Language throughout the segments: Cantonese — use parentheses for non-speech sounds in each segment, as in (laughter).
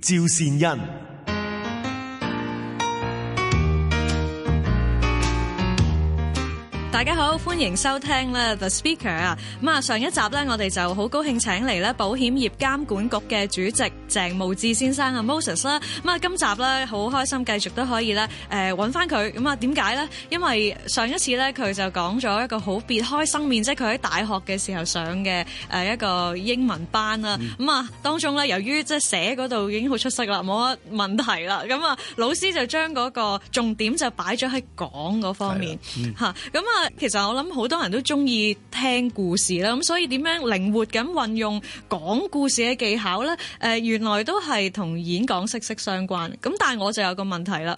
趙善人。大家好，歡迎收聽咧 The Speaker 啊。咁啊，上一集咧，我哋就好高興請嚟咧保險業監管局嘅主席鄭慕智先生啊 Moses 啦。咁啊，今集咧好開心繼續都可以咧誒揾翻佢。咁啊，點解咧？因為上一次咧佢就講咗一個好別開生面，即係佢喺大學嘅時候上嘅誒一個英文班啦。咁、嗯、啊，當中咧由於即係寫嗰度已經好出色啦，冇乜問題啦。咁啊，老師就將嗰個重點就擺咗喺講嗰方面吓。咁、嗯、啊。嗯其實我諗好多人都中意聽故事啦，咁所以點樣靈活咁運用講故事嘅技巧咧？誒，原來都係同演講息息相關。咁但係我就有個問題啦。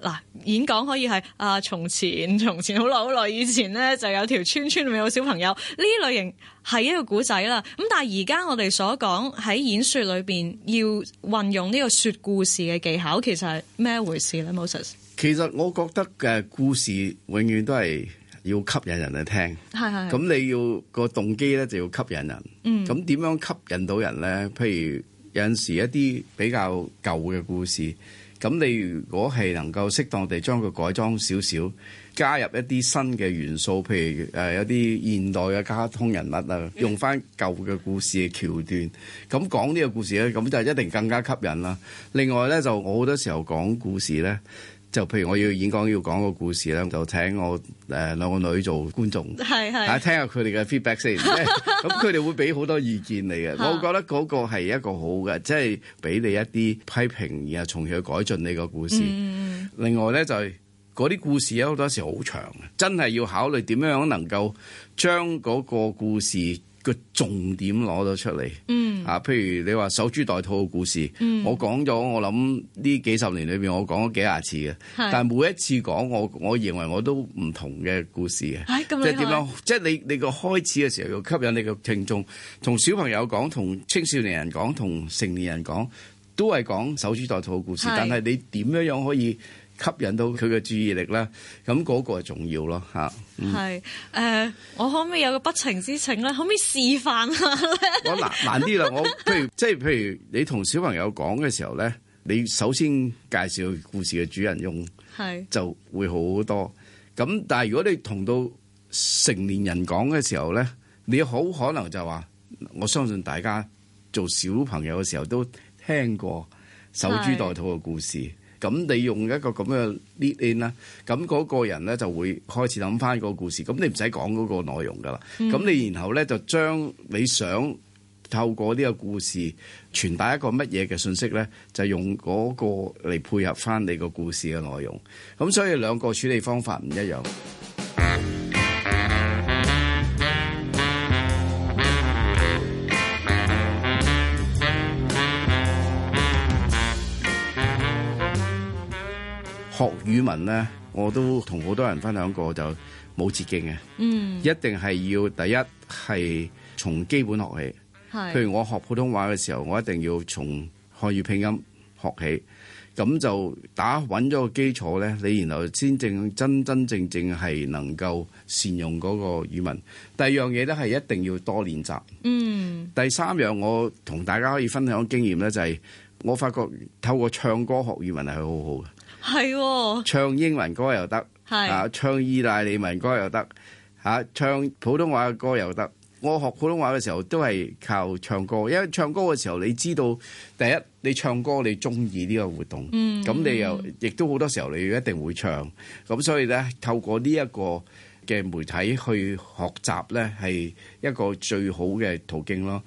嗱，演講可以係啊，從前從前好耐好耐以前咧，就有條村村裏面有小朋友呢類型係一個古仔啦。咁但係而家我哋所講喺演說裏邊要運用呢個說故事嘅技巧，其實係咩回事咧？Moses，其實我覺得嘅故事永遠都係，要吸引人嚟聽，係係咁你要、嗰個動機咧，就要吸引人。嗯。咁點樣吸引到人咧？譬如有陣時一啲比較舊嘅故事，咁你如果係能夠適當地將佢改裝少少，加入一啲新嘅元素，譬如誒有啲現代嘅卡通人物啊，用返舊嘅故事嘅橋段，咁講呢個故事咧，咁就一定更加吸引啦。另外咧，就我好多時候講故事咧。就譬如我要演講要講個故事啦，就請我誒、呃、兩個女做觀眾，嚇、啊、聽下佢哋嘅 feedback 先。咁佢哋會俾好多意見你嘅，我覺得嗰個係一個好嘅，即係俾你一啲批評，然後從而去改進你個故、嗯、故的個故事。另外咧就係嗰啲故事有好多時候好長，真係要考慮點樣能夠將嗰個故事個重點攞咗出嚟，啊、嗯，譬如你話守株待兔嘅故事，我講咗，我諗呢幾十年裏邊，我講咗幾廿次嘅，但係每一次講，我我認為我都唔同嘅故事嘅，即係點樣，即係你你個開始嘅時候要吸引你嘅聽眾，同小朋友講，同青少年人講，同成年人講，都係講守株待兔嘅故事，是但係你點樣樣可以？吸引到佢嘅注意力啦，咁嗰個係重要咯嚇。係、嗯、誒、呃，我可唔可以有個不情之請咧？可唔可以示範下？我難難啲啦，我譬如 (laughs) 即係譬如你同小朋友講嘅時候咧，你首先介紹故事嘅主人翁，就會好好多。咁但係如果你同到成年人講嘅時候咧，你好可能就話我相信大家做小朋友嘅時候都聽過守株待兔嘅故事。咁你用一個咁嘅 lead in 啦，咁嗰個人咧就會開始諗翻個故事，咁你唔使講嗰個內容噶啦，咁你然後咧就將你想透過呢個故事傳達一個乜嘢嘅信息咧，就用嗰個嚟配合翻你個故事嘅內容，咁所以兩個處理方法唔一樣。學語文呢，我都同好多人分享過，就冇捷徑嘅。嗯，一定係要第一係從基本學起。譬如我學普通話嘅時候，我一定要從漢語拼音學起。咁就打穩咗個基礎呢，你然後先正真真正正係能夠善用嗰個語文。第二樣嘢呢，係一定要多練習。嗯。第三樣我同大家可以分享經驗呢，就係、是、我發覺透過唱歌學語文係好好嘅。係、哦，唱英文歌又得，啊，唱意大利文歌又得，吓、啊，唱普通話嘅歌又得。我學普通話嘅時候都係靠唱歌，因為唱歌嘅時候你知道，第一你唱歌你中意呢個活動，咁、嗯、你又亦、嗯、都好多時候你一定會唱，咁所以咧透過呢一個嘅媒體去學習咧係一個最好嘅途徑咯。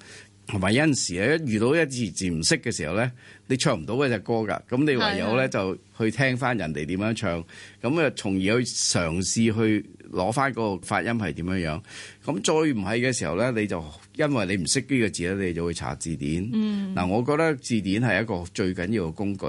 同埋有陣時一遇到一字字唔識嘅時候咧。你唱唔到嗰隻歌㗎，咁你唯有咧就去聽翻人哋點樣唱，咁啊從而去嘗試去攞翻個發音係點樣樣，咁再唔係嘅時候咧，你就因為你唔識呢個字咧，你就會查字典。嗱、嗯，我覺得字典係一個最緊要嘅工具。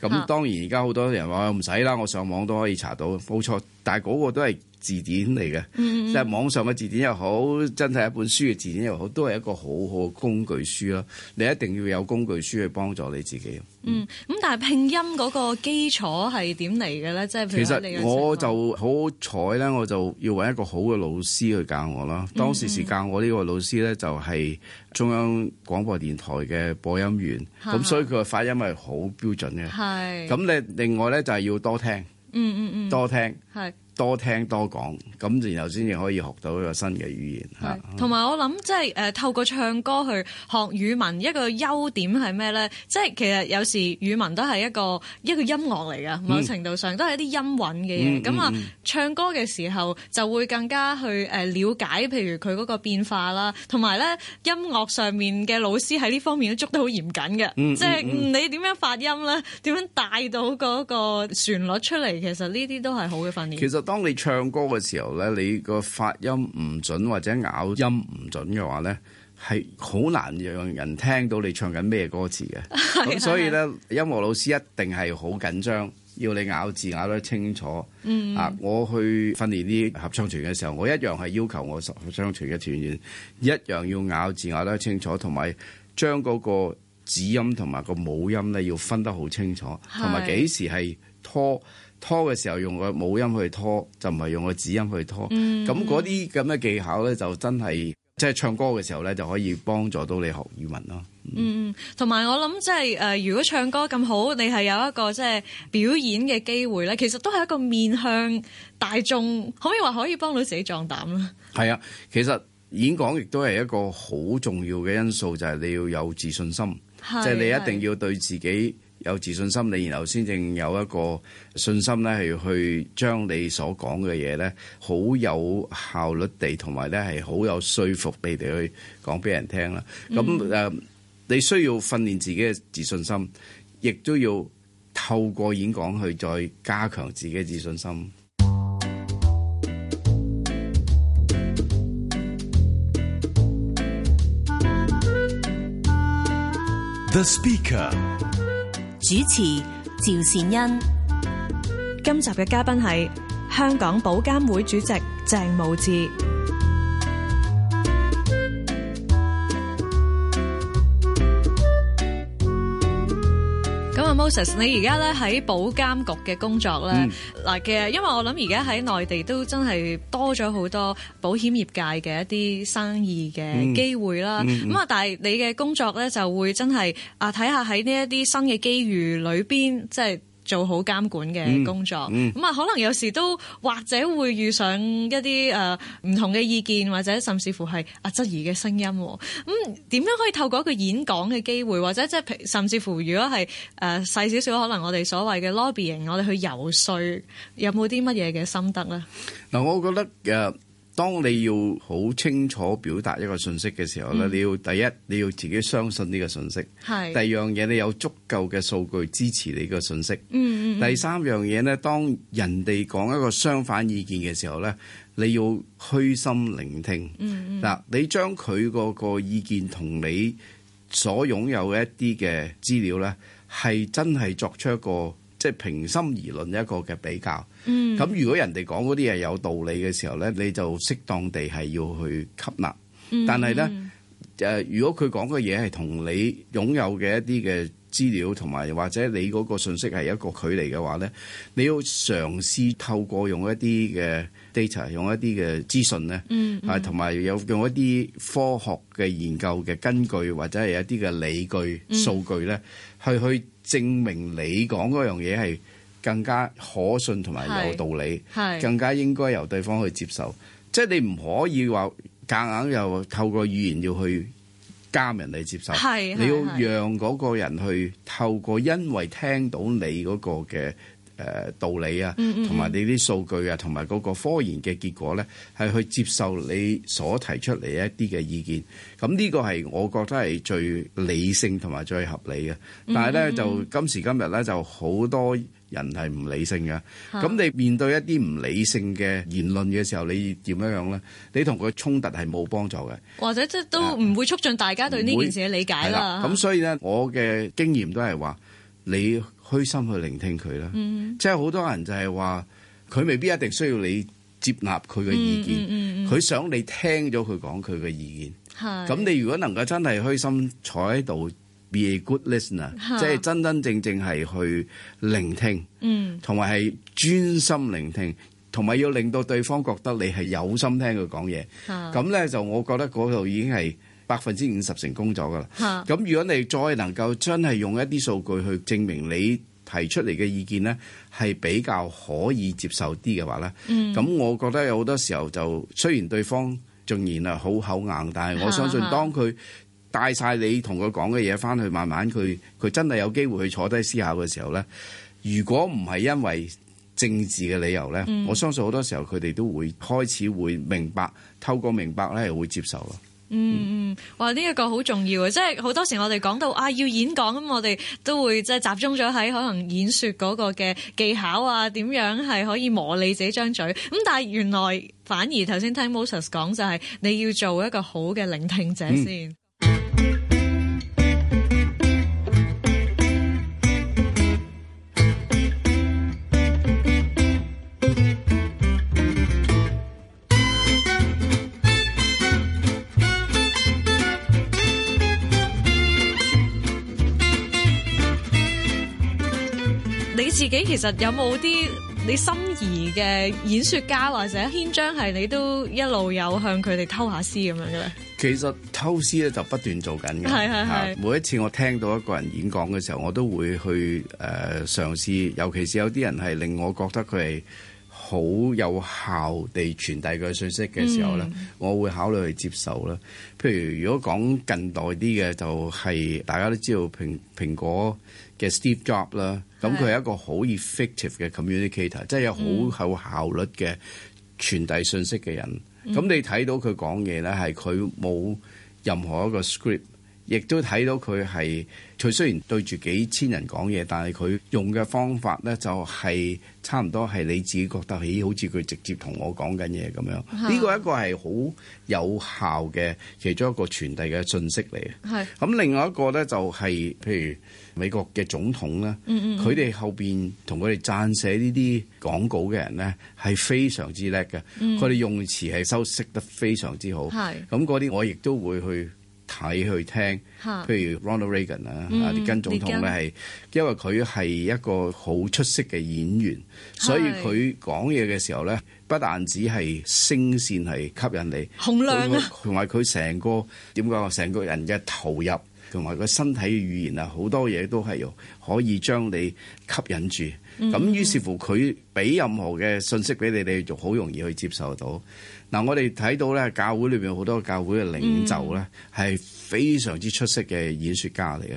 咁當然而家好多人話唔使啦，我上網都可以查到，冇錯，但係嗰個都係字典嚟嘅。即、嗯、係、就是、網上嘅字典又好，真係一本書嘅字典又好，都係一個好好嘅工具書咯。你一定要有工具書去幫助你。自己嗯，咁但係拼音嗰個基礎係點嚟嘅咧？即係其實我就好彩咧，我就要搵一個好嘅老師去教我啦。當時時教我呢個老師咧，就係中央廣播電台嘅播音員，咁、嗯、所以佢嘅發音係好標準嘅。係咁，你另外咧就係要多聽，嗯嗯嗯，多聽，係、嗯。嗯嗯多聽多講，咁然後先至可以學到一個新嘅語言嚇。同埋我諗，即係誒透過唱歌去學語文，一個優點係咩咧？即係其實有時語文都係一個一個音樂嚟㗎，某程度上、嗯、都係一啲音韻嘅嘢。咁、嗯、啊、嗯嗯，唱歌嘅時候就會更加去誒了解，譬如佢嗰個變化啦，同埋咧音樂上面嘅老師喺呢方面都捉得好嚴謹嘅、嗯。即係、嗯、你點樣發音咧，點、嗯、樣帶到嗰個旋律出嚟，其實呢啲都係好嘅訓練。當你唱歌嘅時候咧，你個發音唔準或者咬音唔準嘅話咧，係好難讓人聽到你唱緊咩歌詞嘅。咁所以咧，音樂老師一定係好緊張，要你咬字咬得清楚。嗯，啊，我去訓練啲合唱團嘅時候，我一樣係要求我合唱團嘅團員一樣要咬字咬得清楚，同埋將嗰個子音同埋個母音咧要分得好清楚，同埋幾時係拖，拖嘅時候用個母音去拖，就唔係用個子音去拖。咁嗰啲咁嘅技巧咧，就真係即係唱歌嘅時候咧，就可以幫助到你學語文咯。嗯，同、嗯、埋我諗即係誒，如果唱歌咁好，你係有一個即係表演嘅機會咧，其實都係一個面向大眾，可以話可以幫到自己壯膽啦。係、嗯嗯就是呃、啊，其實演講亦都係一個好重要嘅因素，就係、是、你要有自信心，即係、就是、你一定要對自己，有自信心，你然後先正有一個信心咧，係去將你所講嘅嘢咧，好有效率地，同埋咧係好有說服力地去講俾人聽啦。咁、嗯、誒，你需要訓練自己嘅自信心，亦都要透過演講去再加強自己嘅自信心。The Speaker。主持趙善恩，今集嘅嘉賓係香港保監會主席鄭慕智。你而家咧喺保監局嘅工作咧，嗱其實，因為我諗而家喺內地都真係多咗好多保險業界嘅一啲生意嘅機會啦。咁啊，但係你嘅工作咧就會真係啊，睇下喺呢一啲新嘅機遇裏邊，即係。做好監管嘅工作，咁、嗯、啊、嗯、可能有時都或者會遇上一啲誒唔同嘅意見，或者甚至乎係啊質疑嘅聲音。咁、呃、點樣可以透過一個演講嘅機會，或者即、就、係、係、甚至乎如果係誒、呃、細少少，可能我哋所謂嘅 lobbying，我哋去遊說，有冇啲乜嘢嘅心得咧？嗱、呃，我覺得誒。呃當你要好清楚表達一個信息嘅時候咧、嗯，你要第一你要自己相信呢個信息，第二樣嘢你有足夠嘅數據支持你個信息、嗯嗯，第三樣嘢咧，當人哋講一個相反意見嘅時候咧，你要虛心聆聽。嗱、嗯嗯，你將佢個個意見同你所擁有嘅一啲嘅資料咧，係真係作出一個即、係、平心而論的一個嘅比較。嗯，咁如果人哋講嗰啲係有道理嘅時候咧，你就適當地係要去吸納。嗯、但係咧、嗯，如果佢講嘅嘢係同你擁有嘅一啲嘅資料同埋或者你嗰個信息係一個距離嘅話咧，你要嘗試透過用一啲嘅 data，用一啲嘅資訊咧，嗯，同、嗯、埋有用一啲科學嘅研究嘅根據或者係一啲嘅理據數據咧，去、嗯、去證明你講嗰樣嘢係更加可信同埋有道理，更加應該由對方去接受。即係你唔可以話夾硬又透過語言要去加人哋接受，你要讓嗰個人去透過，因為聽到你嗰個嘅誒道理啊，同埋你啲數據啊，同埋嗰個科研嘅結果咧，係去接受你所提出嚟一啲嘅意見，咁呢個係我覺得係最理性同埋最合理嘅。但係咧，就今時今日咧就好多。人係唔理性嘅，咁你面對一啲唔理性嘅言論嘅時候，你點樣樣咧？你同佢衝突係冇幫助嘅，或者即係都唔會促進大家對呢件事嘅理解啦。咁所以咧，我嘅經驗都係話，你虛心去聆聽佢啦。即係好多人就係話，佢未必一定需要你接納佢嘅意見，佢想你聽咗佢講佢嘅意見。咁你如果能夠真係虛心坐喺度。Be a good listener，即係真真正正係去聆聽，同埋係專心聆聽，同埋要令到對方覺得你係有心聽佢講嘢。咁咧就我覺得嗰度已經係百分之五十成功咗噶啦。咁如果你再能夠真係用一啲數據去證明你提出嚟嘅意見咧，係比較可以接受啲嘅話咧，咁我覺得有好多時候就雖然對方仍然係好口硬，但係我相信當佢帶晒你同佢講嘅嘢翻去，慢慢佢佢真係有機會去坐低思考嘅時候呢。如果唔係因為政治嘅理由呢、嗯，我相信好多時候佢哋都會開始會明白，透過明白呢係會接受咯。嗯嗯，哇！呢、這、一個好重要嘅，即係好多時我哋講到啊要演講咁，我哋都會即係集中咗喺可能演說嗰個嘅技巧啊，點樣係可以磨你自己張嘴咁，但係原來反而頭先聽 Moses 講就係、是、你要做一個好嘅聆聽者先。嗯。其實有冇啲你心儀嘅演說家或者是一篇章係你都一路有向佢哋偷下師咁樣嘅咧？其實偷師咧就不斷做緊嘅，係係係。每一次我聽到一個人演講嘅時候，我都會去誒嘗試，尤其是有啲人係令我覺得佢係。好有效地傳遞佢信息嘅時候咧、嗯，我會考慮去接受啦。譬如如果講近代啲嘅、就是，就係大家都知道蘋蘋果嘅 Steve Jobs 啦，咁佢係一個好 effective 嘅 communicator，即、嗯、係、就是、有好有效率嘅傳遞信息嘅人。咁、嗯、你睇到佢講嘢咧，係佢冇任何一個 script。亦都睇到佢係，佢雖然對住幾千人講嘢，但係佢用嘅方法咧就係差唔多係你自己覺得，咦、哎？好似佢直接同我講緊嘢咁樣，呢、這個一個係好有效嘅其中一個傳遞嘅信息嚟嘅。係，咁另外一個咧就係、是，譬如美國嘅總統咧，佢、嗯、哋、嗯、後邊同佢哋撰寫呢啲講稿嘅人咧，係非常之叻嘅。嗯。佢哋用詞係修飾得非常之好。係，咁嗰啲我亦都會去。睇去聽，譬如 Ronald Reagan 啦、嗯，啊，李根總統咧係，因為佢係一個好出色嘅演員，所以佢講嘢嘅時候咧，不但止係聲線係吸引你，洪亮啊，同埋佢成個點講啊，成個人嘅投入同埋個身體語言啊，好多嘢都係用可以將你吸引住。咁、嗯、於是乎，佢俾任何嘅信息俾你，你就好容易去接受到。嗱、啊，我哋睇到咧，教會裏邊好多教會嘅領袖咧，係、嗯、非常之出色嘅演說家嚟嘅。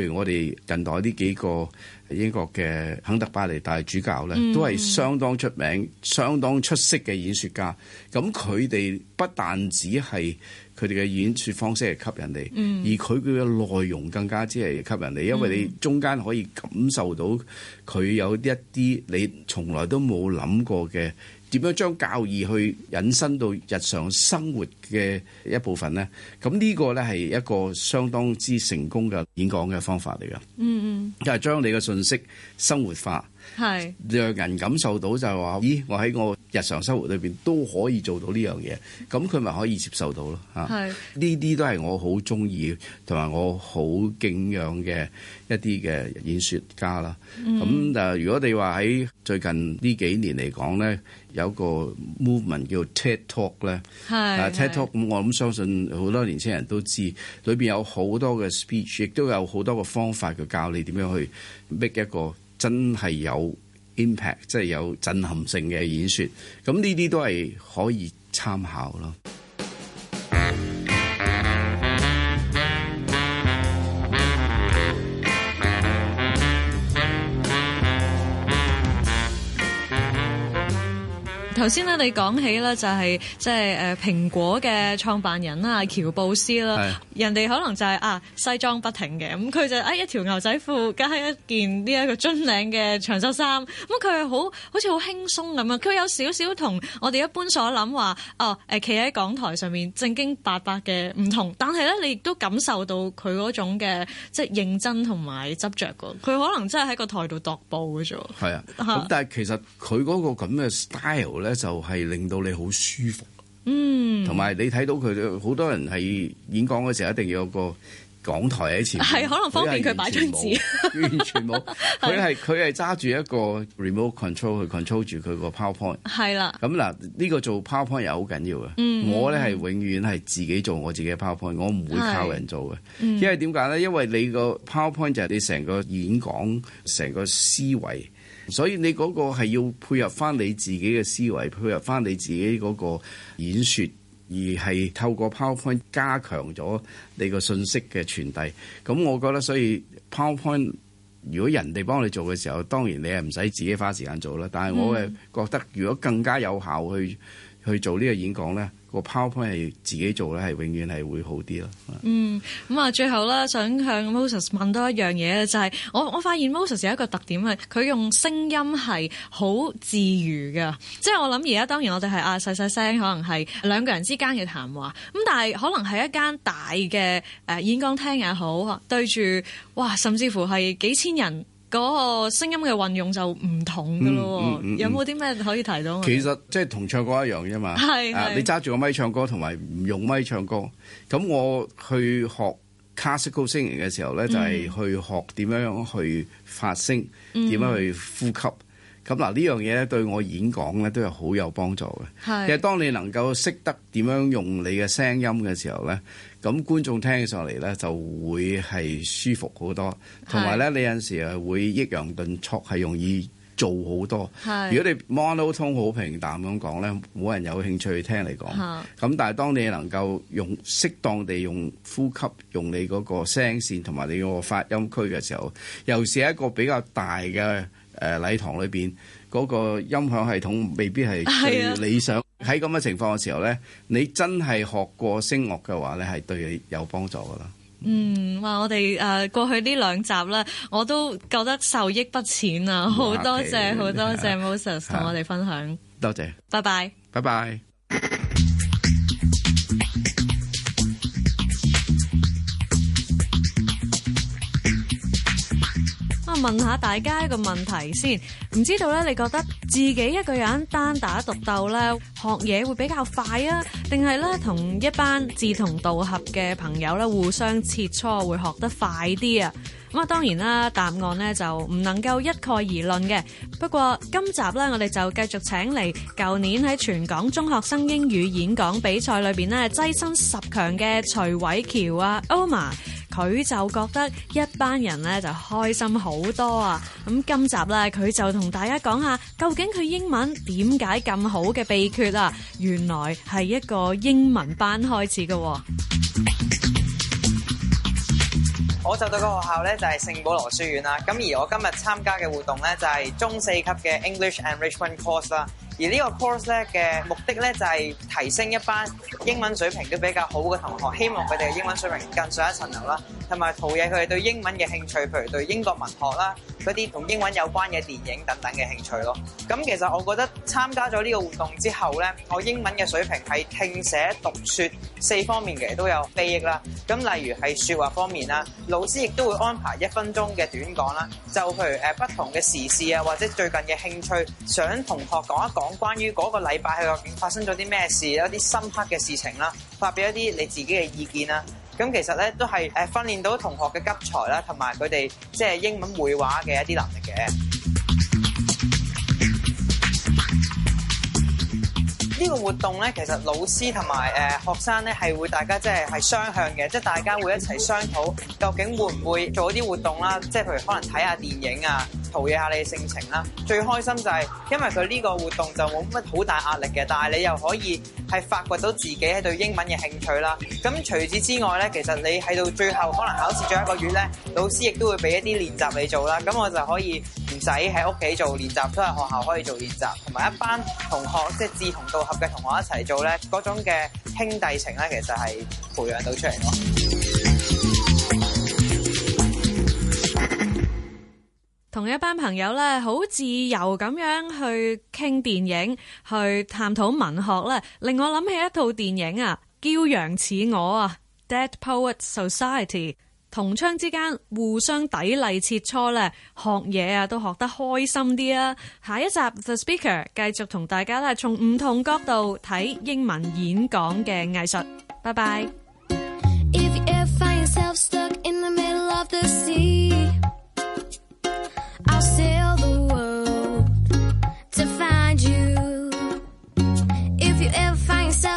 譬如我哋近代呢幾個英國嘅肯特巴利大主教咧、嗯，都係相當出名、相當出色嘅演說家。咁佢哋不但止係佢哋嘅演說方式係吸引你、嗯，而佢佢嘅內容更加之係吸引你，因為你中間可以感受到佢有一啲你從來都冇諗過嘅。點樣將教義去引申到日常生活嘅一部分咧？咁呢個咧係一個相當之成功嘅演講嘅方法嚟嘅。嗯嗯，就係將你嘅信息生活化。係讓人感受到就係話，咦！我喺我日常生活裏邊都可以做到呢樣嘢，咁佢咪可以接受到咯嚇。係呢啲都係我好中意同埋我好敬仰嘅一啲嘅演說家啦。咁、啊、誒、嗯，如果你話喺最近呢幾年嚟講咧，有個 movement 叫 TED Talk 咧，係、uh, TED Talk 咁，我諗相信好多年輕人都知道，裏邊有好多嘅 speech，亦都有好多個方法去教你點樣去 make 一個。真係有 impact，即係有震撼性嘅演說，噉呢啲都係可以參考咯。頭先咧，你講起咧就係即係誒蘋果嘅創辦人啦喬布斯啦，人哋可能就係、是、啊西裝筆挺嘅，咁、嗯、佢就誒一條牛仔褲加一件呢一個樽領嘅長袖衫，咁、嗯、佢係好好似好輕鬆咁樣，佢有少少同我哋一般所諗話哦誒，企喺講台上面正經八百嘅唔同，但係咧你亦都感受到佢嗰種嘅即係認真同埋執着。噶，佢可能真係喺個台度踱步嘅啫。係啊，咁、啊、但係其實佢嗰個咁嘅 style 咧。咧就係、是、令到你好舒服，嗯，同埋你睇到佢好多人係演講嘅時候，一定要有一個講台喺前邊，係可能方便佢擺張紙，完全冇，佢係佢揸住一個 remote control 去 control 住佢個 powerpoint，係啦。咁嗱，呢、這個做 powerpoint 又好緊要嘅、嗯，我咧係永遠係自己做我自己嘅 powerpoint，、嗯、我唔會靠人做嘅、嗯，因為點解咧？因為你個 powerpoint 就係你成個演講成個思維。所以你嗰個係要配合翻你自己嘅思維，配合翻你自己嗰個演說，而係透過 PowerPoint 加強咗你個信息嘅傳遞，咁我覺得所以 PowerPoint 如果人哋幫你做嘅時候，當然你係唔使自己花時間做啦。但係我誒覺得如果更加有效去去做呢個演講咧，個 PowerPoint 係自己做咧，係永遠係會好啲咯。嗯，咁啊，最後啦，想向 Moses 問多一樣嘢咧，就係、是、我我發現 Moses 有一個特點係佢用聲音係好自如㗎。即、就、係、是、我諗而家當然我哋係啊細細聲，可能係兩個人之間嘅談話，咁但係可能係一間大嘅誒演講廳也好，對住哇，甚至乎係幾千人。嗰、那個聲音嘅運用就唔同㗎咯、嗯嗯嗯嗯，有冇啲咩可以提到我？其實即係同唱歌一樣啫嘛，uh, 你揸住個咪唱歌同埋唔用咪唱歌。咁我去學 classical singing 嘅時候咧，就係、是、去學點樣去發聲，點、嗯、樣去呼吸。咁、嗯、嗱，呢樣嘢咧對我演講咧都係好有幫助嘅。其實當你能夠識得點樣用你嘅聲音嘅時候咧。咁觀眾聽上嚟咧就會係舒服好多，同埋咧你有陣時係會抑揚頓挫係容易做好多。如果你 monoton 好平淡咁講咧，冇人有興趣去聽你講。咁但係當你能夠用適當地用呼吸，用你嗰個聲線同埋你個發音區嘅時候，尤其是一個比較大嘅誒禮堂裏邊嗰、那個、音響系統未必係最理想。喺咁嘅情況嘅時候咧，你真係學過聲樂嘅話咧，係對你有幫助噶啦。嗯，話我哋誒過去呢兩集啦，我都覺得受益不淺啊，好多謝好多謝 Moses 同我哋分享，啊。多謝，拜拜，拜拜。拜拜。問下大家一個問題先，唔知道咧，你覺得自己一個人單打獨鬥咧學嘢會比較快啊，定係咧同一班志同道合嘅朋友咧互相切磋會學得快啲啊？咁啊，當然啦，答案咧就唔能夠一概而論嘅。不過今集咧，我哋就繼續請嚟，舊年喺全港中學生英語演講比賽裏邊咧躋身十強嘅徐偉喬啊，Omar。佢就覺得一班人咧就開心好多啊！咁今集咧，佢就同大家講下究竟佢英文點解咁好嘅秘訣啊！原來係一個英文班開始嘅，啊。我就到個學校咧，就係、是、聖保羅書院啦。咁而我今日參加嘅活動咧，就係、是、中四級嘅 English Enrichment Course 啦。而呢個 course 咧嘅目的咧就係提升一班英文水平都比較好嘅同學，希望佢哋嘅英文水平更上一層樓啦。同埋陶冶佢哋對英文嘅興趣，譬如對英國文學啦，嗰啲同英文有關嘅電影等等嘅興趣咯。咁其實我覺得參加咗呢個活動之後咧，我英文嘅水平係聽寫讀說四方面其實都有裨益啦。咁例如係說話方面啦，老師亦都會安排一分鐘嘅短講啦，就譬如誒不同嘅時事啊，或者最近嘅興趣，想同學講一講關於嗰個禮拜係究竟發生咗啲咩事，一啲深刻嘅事情啦，發表一啲你自己嘅意見啦。咁其實咧都係誒訓練到同學嘅急才啦，同埋佢哋即係英文會話嘅一啲能力嘅。呢個活動咧，其實老師同埋誒學生咧係會大家即係係雙向嘅，即係大家會一齊商討，究竟會唔會做一啲活動啦？即係譬如可能睇下電影啊。陶冶下你嘅性情啦，最開心就係因為佢呢個活動就冇乜好大壓力嘅，但係你又可以係發掘到自己喺對英文嘅興趣啦。咁除此之外咧，其實你喺到最後可能考試咗一個月咧，老師亦都會俾一啲練習你做啦。咁我就可以唔使喺屋企做練習，都喺學校可以做練習，同埋一班同學即係志同道合嘅同學一齊做咧，嗰種嘅兄弟情咧，其實係培養到出嚟咯。同一班朋友咧，好自由咁樣去傾電影，去探討文學咧，令我諗起一套電影啊，《驕陽似我》啊，《Dead Poets Society》。同窗之間互相砥礪切磋咧，學嘢啊都學得開心啲啊！下一集 The Speaker 繼續同大家咧，從唔同角度睇英文演講嘅藝術。拜拜。If you